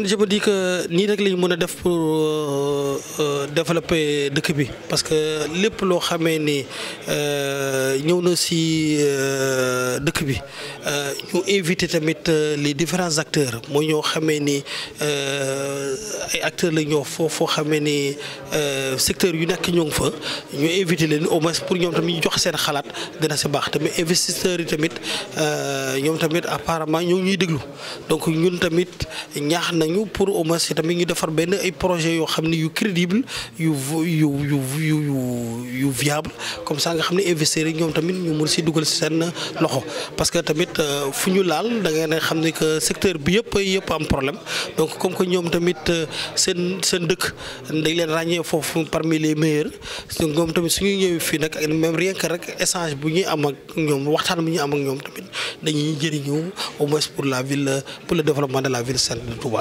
man je me dis que nii rek lañ mën a def pour euh, euh, développer dëkk bi parce que lépp loo xamee ni euh, ñëw na si dëkk bi ñu invité tamit les différents acteurs mooy ñoo xamee ni ay acteurs la ñoo foo foo xamee ni secteur yu nekk ñoo ngi fa ñu invité leen au moins pour ñoom tamit ñu jox seen xalaat dina si baax tamit investisseurs yi tamit ñoom tamit apparemment ñoo ñuy déglu donc ñun tamit ñaax ñu pour au moins tamit ñu defar benn ay projet yoo xam ne yu crédible yu yu yu yu yu viable comme ça nga xam ne investisseurs yi ñoom tamit ñu mun si dugal si seen loxo parce que tamit euh, fu ñu laal da ngeen xam ne que secteur bi yëpp yëpp am problème donc comme que ñoom tamit euh, seen seen dëkk dañ leen ràññee foofu parmi les meilleurs donc ñoom tamit suñu ñëwee fii nag même rien que rek échange bu ñuy am ak ñoom waxtaan bu ñu am ak ñoom tamit dañuy jëriñu au moins pour la ville pour le développement de la ville sainte de Touba.